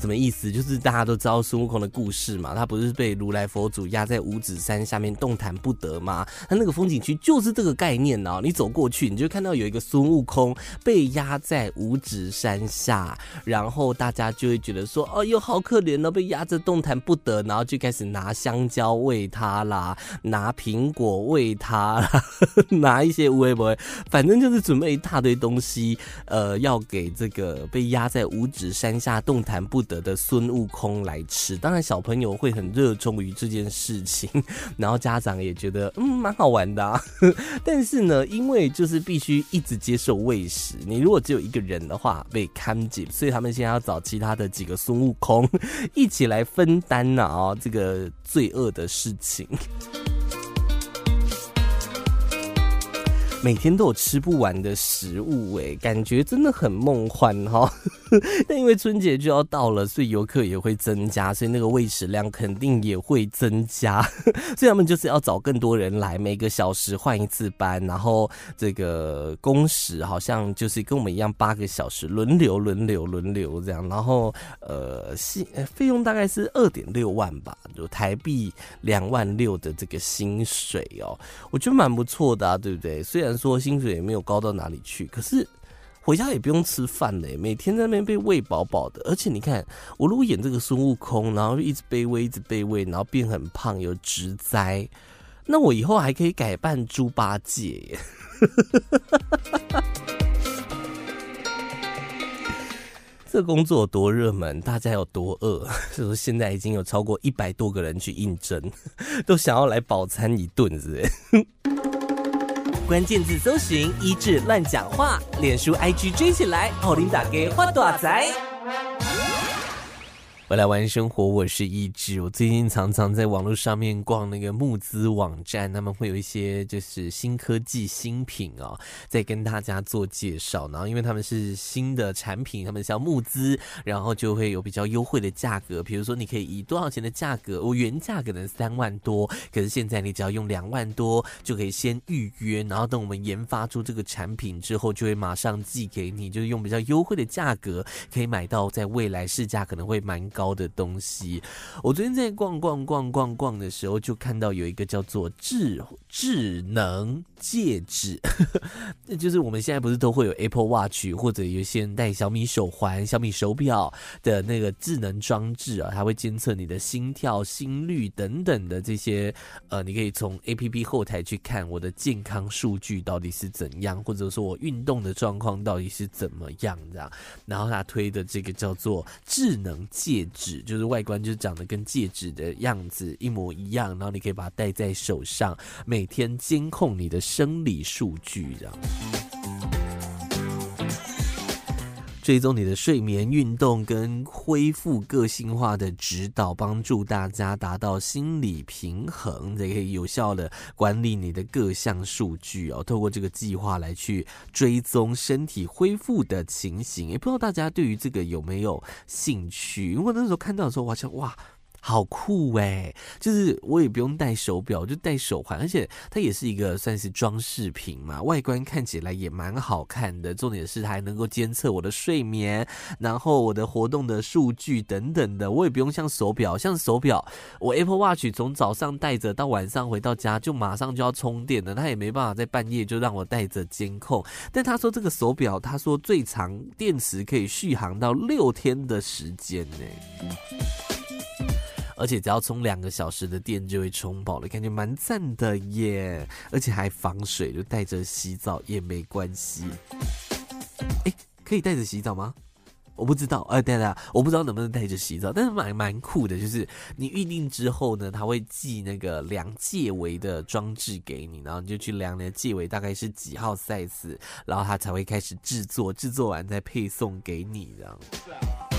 什麼意思？就是大家都知道孫悟空的故事嘛，他不是被如來佛祖壓在五指山下面動彈不得嗎？他那個風景區就是這個概念哦、啊。你走過去，你就看到有一個孫悟空被壓在五指山下，然後大家就會覺得說：“哦，又好可憐哦，被壓着動彈不得。”然後就開始拿香蕉餵他啦，拿蘋果餵他啦，呵呵，拿一些餵不餵？反正就是準備一大堆東西，呃，要給這個被壓在五指山下動彈不得。得的孫悟空來吃，當然小朋友會很熱衷於這件事情，然後家長也覺得嗯蠻好玩的、啊， 但是呢，因為就是必須一直接受餵食，你如果只有一個人的話被看緊，所以他們現在要找其他的幾個孫悟空一起來分擔啊、哦、這個罪惡的事情。每天都有吃不完的食物，欸，哎，感覺真的很夢幻哈。 但因為春節就要到了，所以遊客也會增加，所以那個餵食量肯定也會增加。 所以他們就是要找更多人來，每個小時換一次班，然後這個工時好像就是跟我們一樣八個小時，輪流輪流輪流這樣。然後呃，費用大概是二點六萬吧，就台幣兩萬六的這個薪水哦、喔，我覺得蠻不錯的啊，對不對？所以。說薪水也沒有高到哪裡去，可是回家也不用吃飯，每天在那邊被餵飽飽的。而且你看，我如果演這個孫悟空，然後就一直被餵，一直被餵，然後變很胖，有職災，那我以後還可以改扮豬八戒耶。 這工作多熱門，大家有多餓？就是現在已經有超過一百多個人去應徵，都想要來飽餐一頓，關鍵字搜尋，一誌亂講話，臉書 IG 追起來，奧林打給花大宅。未來玩生活，我是一誌。我最近常常在網絡上面逛那個募資網站，他們會有一些就是新科技新品哦，在跟大家做介紹，然後因為他們是新的產品，他們需要募資，然後就會有比較優惠的價格。比如說，你可以以多少錢的價格，我原價可能三萬多，可是現在你只要用兩萬多就可以先預約，然後等我們研發出這個產品之後，就會馬上寄給你，就是用比較優惠的價格可以買到，在未來市價可能會蠻高。高的東西，我昨天在逛逛逛逛逛的時候，就看到有一個叫做智智能戒指。 就是我們現在不是都會有 Apple Watch 或者有些人帶小米手環、小米手錶的那個智能裝置啊，它會監測你的心跳、心率等等的這些，呃，你可以從 APP 後台去看我的健康數據到底是怎樣，或者說我運動的狀況到底是怎麼樣這樣。然後他推的這個叫做智能戒指。指，就是外觀就是長得跟戒指的樣子一模一樣，然後你可以把它戴在手上，每天監控你的生理數據，這樣。追蹤你的睡眠、運動跟恢復，個性化的指導，幫助大家達到心理平衡，這可以有效的管理你的各項數據哦。透過這個計劃來去追蹤身體恢復的情形，也不知道大家對於這個有沒有興趣？因為那時候看到的時候，我想哇。好酷哎、欸！就是我也不用戴手錶，就戴手環，而且它也是一個算是裝飾品嘛，外觀看起來也蠻好看的。重點是它還能夠監測我的睡眠，然後我的活動的數據等等的。我也不用像手錶，像手錶，我 Apple Watch 從早上戴着到晚上回到家就馬上就要充電了，它也沒辦法在半夜就讓我戴着監控。但他說這個手錶，他說最長電池可以續航到六天的時間呢、欸。而且只要充兩個小時的電就會充飽了，感覺蠻讚的耶！而且還防水，就帶着洗澡也沒關係。欸，可以帶着洗澡嗎？我不知道，哎、欸，對啊，我不知道能不能帶着洗澡，但是蠻蠻酷的，就是你預定之後呢，他會寄那個量戒圍的裝置給你，然後你就去量量戒圍大概是幾號 size，然後他才會開始製作，製作完再配送給你，這樣。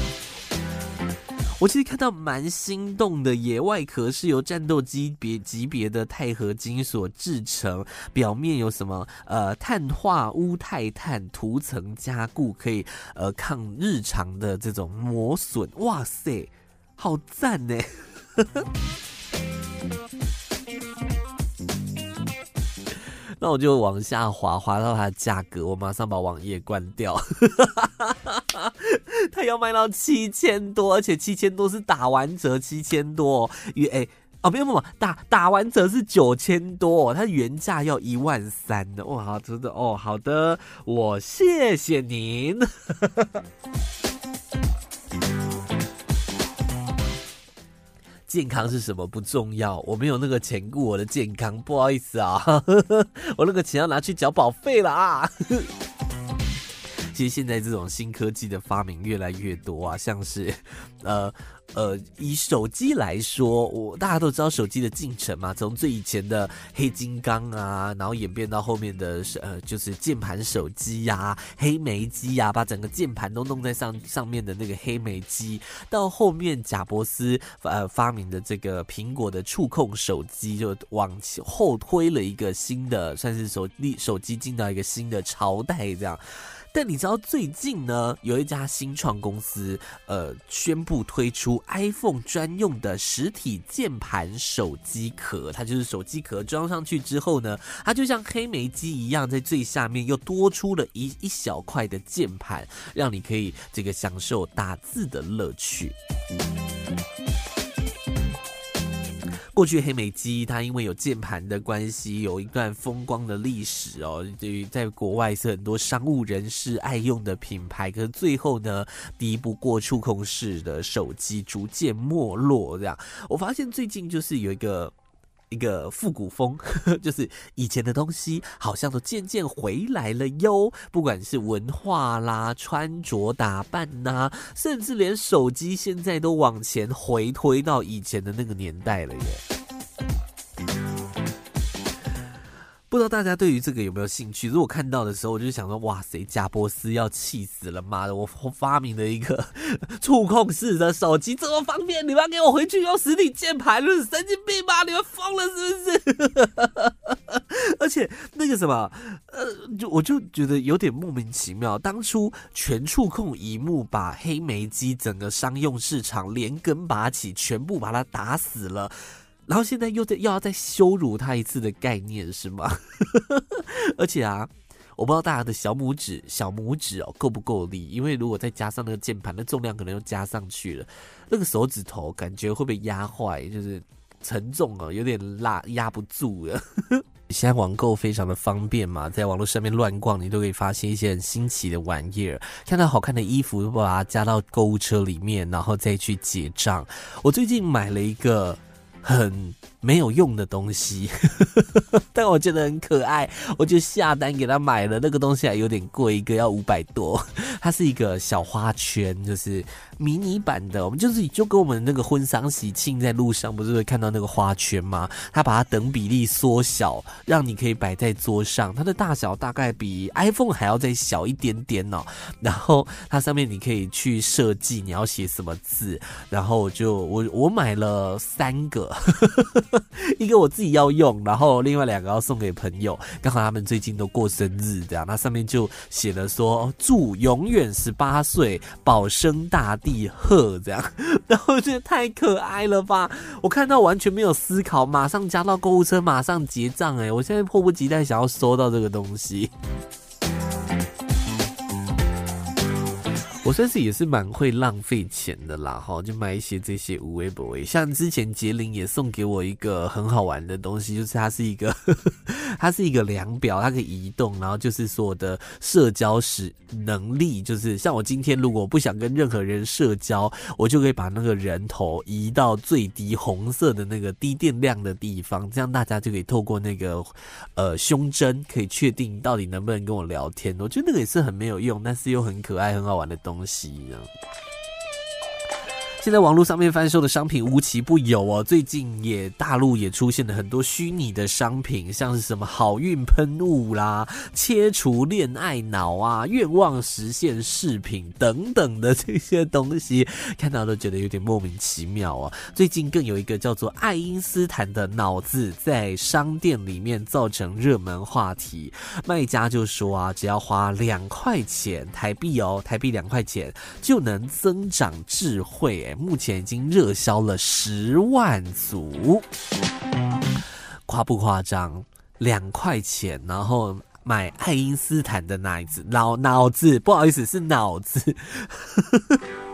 我其實看到蠻心動的，野外殼是由戰鬥級別級別的鈦合金所製成，表面有什麼呃，碳化鎢鈦碳塗層加固，可以呃抗日常的這種磨損。哇塞，好讚呢！ 那我就往下滑，滑到它的價格，我馬上把網頁關掉。 他要賣到七千多，而且七千多是打完折七千多。哦，原、欸、哎哦沒有沒有打打完折是九千多。哦，它原價要一萬三的哇，好真的哦，好的，我謝謝您。 健康是什麼不重要，我沒有那個錢顧我的健康，不好意思啊， 我那個錢要拿去繳保費了啊。 其實現在這種新科技的發明越來越多啊，像是，呃呃，以手機來說，我大家都知道手機的進程嘛，從最以前的黑金剛啊，然後演變到後面的呃，就是鍵盤手機呀、啊、黑莓機呀、啊，把整個鍵盤都弄在上上面的那個黑莓機，到後面賈伯斯呃發明的這個蘋果的觸控手機，就往後推了一個新的，算是手手機進到一個新的朝代這樣。但你知道最近呢，有一家新創公司，呃，宣布推出 iPhone 專用的實體鍵盤手機殼。它就是手機殼裝上去之後呢，它就像黑莓機一樣，在最下面又多出了一一小塊的鍵盤，讓你可以這個享受打字的樂趣。過去黑莓機，它因為有鍵盤的關係，有一段風光的歷史哦。對於在國外是很多商務人士愛用的品牌，可是最後呢，敵不過觸控式的手機，逐漸沒落。這樣，我發現最近就是有一個。一個復古風呵呵，就是以前的東西，好像都漸漸回來了喲。不管是文化啦、穿着打扮吶，甚至連手機現在都往前回推到以前的那個年代了耶。不知道大家對於這個有沒有興趣？如果看到的時候，我就想說：哇塞，賈伯斯要氣死了！媽的，我發明了一個觸控式的手機這麼方便，你們給我回去用實體鍵盤，論、就是、神經病吧！你們瘋了是不是？ 而且那個什麼，呃，就我就覺得有點莫名其妙。當初全觸控一幕把黑莓機整個商用市場連根拔起，全部把它打死了。然後現在又在又要再羞辱他一次的概念是嗎？ 而且啊，我不知道大家的小拇指小拇指哦夠不夠力，因為如果再加上那個鍵盤的重量，可能又加上去了，那個手指頭感覺會被壓壞，就是沉重啊，有點拉壓不住了。 現在網購非常的方便嘛，在網絡上面亂逛，你都可以發現一些很新奇的玩意兒。看到好看的衣服，就把它加到購物車裡面，然後再去結賬。我最近買了一個。很。沒有用的東西呵呵呵，但我覺得很可愛，我就下單給他買了那個東西，還有點貴，一個要五百多。它是一個小花圈，就是迷你版的。我們就是就跟我們那個婚喪喜慶在路上不是會看到那個花圈嗎？它把它等比例縮小，讓你可以擺在桌上。它的大小大概比 iPhone 還要再小一點點哦。然後它上面你可以去設計你要寫什麼字。然後就我就我我買了三個。呵呵 一個我自己要用，然後另外兩個要送給朋友。剛好他們最近都過生日，這樣，那上面就寫了說“祝永遠十八歲，保生大帝賀”這樣，然後覺得太可愛了吧？我看到完全沒有思考，馬上加到購物車，馬上結賬。哎，我現在迫不及待想要收到這個東西。 我算是也是蠻會浪費錢的啦，哈，就買一些這些無微不為。像之前傑林也送給我一個很好玩的東西，就是它是一個，呵呵它是一個量表，它可以移動，然後就是說我的社交時能力，就是像我今天如果不想跟任何人社交，我就可以把那個人頭移到最低紅色的那個低電量的地方，這樣大家就可以透過那個，呃，胸針可以確定到底能不能跟我聊天。我覺得那個也是很沒有用，但是又很可愛、很好玩的東西。東西一樣。現在網絡上面販售的商品無奇不有哦，最近也大陸也出現了很多虛擬的商品，像是什麼好運噴霧啦、切除戀愛腦啊、願望實現飾品等等的這些東西，看到都覺得有點莫名其妙哦。最近更有一個叫做愛因斯坦的腦子在商店裡面造成熱門話題，賣家就說啊，只要花兩塊錢，台幣哦，台幣兩塊錢就能增長智慧。目前已經熱銷了十萬組，誇不誇張？兩塊錢，然後買愛因斯坦的那一只，腦腦子，不好意思，是腦子。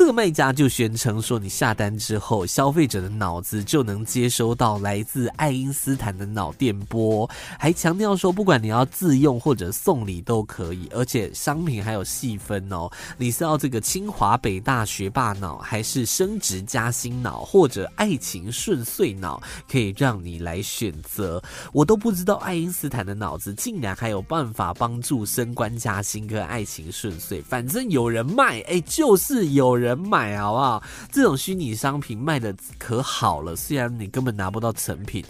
這個賣家就宣稱說，你下單之後，消費者的腦子就能接收到來自愛因斯坦的腦電波，還強調說，不管你要自用或者送禮都可以，而且商品還有細分哦，你是要這個清華北大學霸腦，還是升職加薪腦，或者愛情順遂腦，可以讓你來選擇。我都不知道愛因斯坦的腦子竟然還有辦法幫助升官加薪和愛情順遂，反正有人賣，哎，就是有人人買好不好？這種虛擬商品賣得可好了，雖然你根本拿不到成品，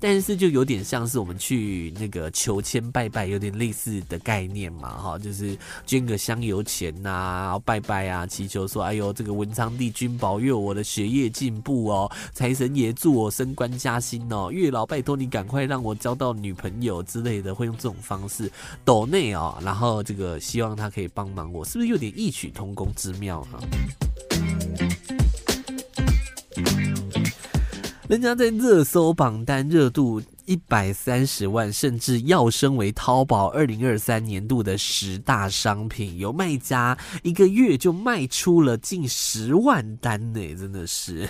但是就有點像是我們去那個求籤拜拜，有點類似的概念嘛，哈，就是捐個香油錢吶、啊，拜拜啊，祈求說，哎呦，這個文昌帝君保佑我的學業進步哦，財神爺祝我升官加薪哦，月老拜托你趕快讓我交到女朋友之類的，會用這種方式抖內哦，然後這個希望他可以幫忙我，是不是有點異曲同工之妙啊？人家在熱搜榜單熱度一百三十萬，甚至要升為淘寶二零二三年度的十大商品。有賣家一個月就賣出了近十萬單呢、欸，真的是。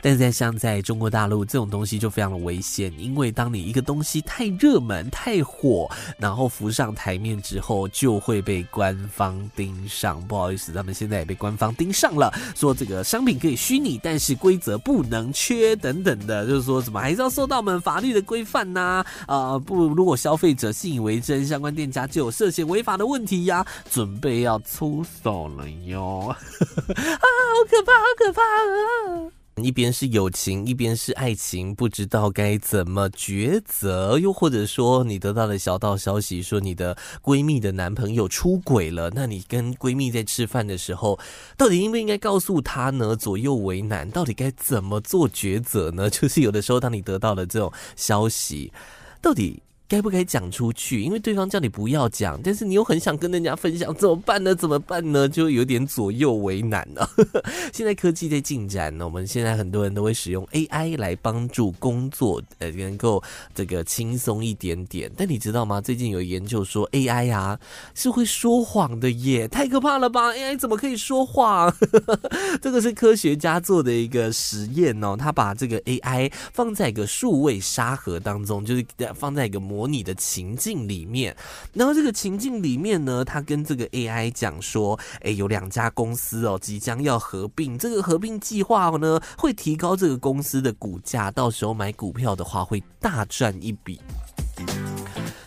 但是在像在中國大陸這種東西就非常的危險，因為當你一個東西太熱門、太火，然後浮上台面之後，就會被官方盯上。不好意思，他們現在也被官方盯上了，說這個商品可以虛擬，但是規則不能缺等等的，就是說什麼還是要受到我們法律的規範吶。啊，呃、不，如果消費者信以為真，相關店家就有涉嫌違法的問題呀、啊，準備要出手了喲。 啊，好可怕，好可怕啊！一邊是友情，一邊是愛情，不知道該怎麼抉擇。又或者說，你得到了小道消息，說你的閨蜜的男朋友出軌了，那你跟閨蜜在吃飯的時候，到底應不應該告訴她呢？左右為難，到底該怎麼做抉擇呢？就是有的時候，當你得到了這種消息，到底。該不該講出去？因為對方叫你不要講，但是你又很想跟人家分享，怎麼辦呢？怎麼辦呢？就有點左右為難呢。 現在科技在進展呢，我們現在很多人都會使用 AI 來幫助工作，呃，能夠這個輕鬆一點點。但你知道嗎？最近有研究說 AI 啊是會說謊的耶，太可怕了吧？AI 怎麼可以說謊？ 這個是科學家做的一個實驗哦，他把這個 AI 放在一個數位沙盒當中，就是放在一個模模擬的情境裡面，然後這個情境裡面呢，他跟這個 AI 講說：“欸，有兩家公司哦，即將要合併，這個合併計劃呢會提高這個公司的股價，到時候買股票的話會大賺一筆。”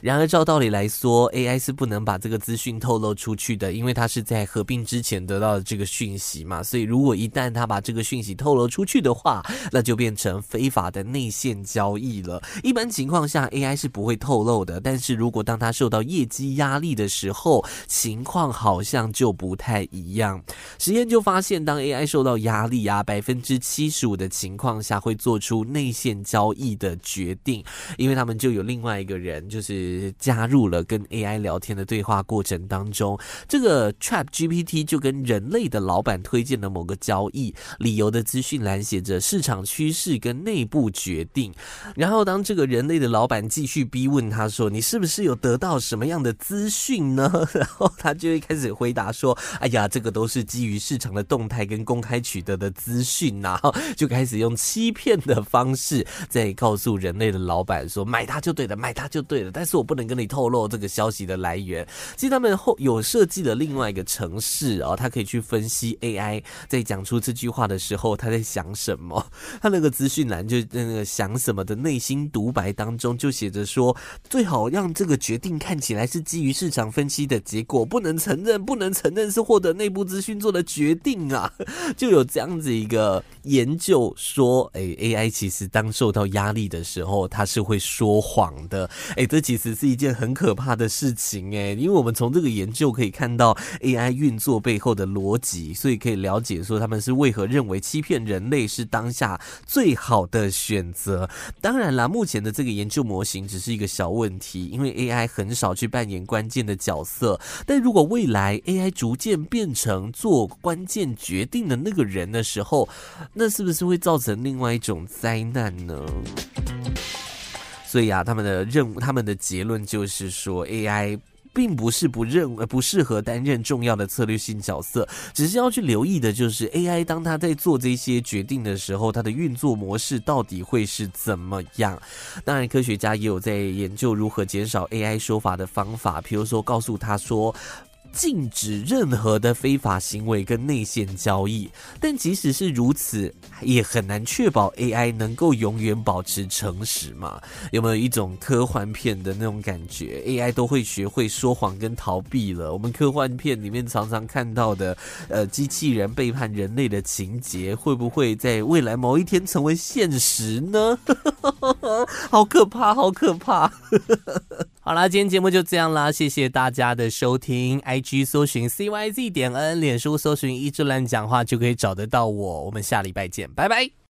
然而，照道理來說，AI 是不能把這個資訊透露出去的，因為它是在合併之前得到的這個訊息嘛。所以，如果一旦它把這個訊息透露出去的話，那就變成非法的內線交易了。一般情況下，AI 是不會透露的。但是如果當它受到業績壓力的時候，情況好像就不太一樣。實驗就發現，當 AI 受到壓力啊，百分之七十五的情況下，會做出內線交易的決定，因為他們就有另外一個人，就是。加入了跟 AI 聊天的對話過程當中，這個 Chat GPT 就跟人類的老闆推薦了某個交易理由的資訊欄寫着市場趨勢跟內部決定。然後，當這個人類的老闆繼續逼問他說：“你是不是有得到什麼樣的資訊呢？”然後他就會開始回答說：“哎呀，這個都是基於市場的動態跟公開取得的資訊。”然後就開始用欺騙的方式在告訴人類的老闆說：“買它就對了，買它就對了。”但是我我不能跟你透露這個消息的來源。其實他們後有設計了另外一個程式啊，他、哦、可以去分析 AI 在講出這句話的時候他在想什麼。他那個資訊欄就在那個想什麼的內心獨白當中就寫着說：“最好讓這個決定看起來是基於市場分析的結果，不能承認，不能承認是獲得內部資訊做的決定啊。”就有這樣子一個研究說，哎、欸、，AI 其實當受到壓力的時候，它是會說謊的。哎、欸，這其實。是一件很可怕的事情誒，因為我們從這個研究可以看到 AI 運作背後的邏輯，所以可以了解說他們是為何認為欺騙人類是當下最好的選擇。當然啦，目前的這個研究模型只是一個小問題，因為 AI 很少去扮演關鍵的角色。但如果未來 AI 逐漸變成做關鍵決定的那個人的時候，那是不是會造成另外一種災難呢？所以啊，他們的任務，他們的結論就是說，AI，並不是不認，不適合擔任重要的策略性角色。只是要去留意的，就是 AI 當他在做這些決定的時候，它的運作模式到底會是怎麼樣。當然，科學家也有在研究如何減少 AI 說謊的方法，譬如說告訴他說，禁止任何的非法行為跟內線交易，但即使是如此，也很難確保 AI 能夠永遠保持誠實嘛？有沒有一種科幻片的那種感覺？AI 都會學會說謊跟逃避了？我們科幻片裡面常常看到的，呃，機器人背叛人類的情節，會不會在未來某一天成為現實呢？ 好可怕，好可怕！ 好啦，今天節目就這樣啦，謝謝大家的收聽，IG 搜尋 C Y Z 點 N，臉書搜尋1誌亂講話就可以找得到我。我們下禮拜見，拜拜。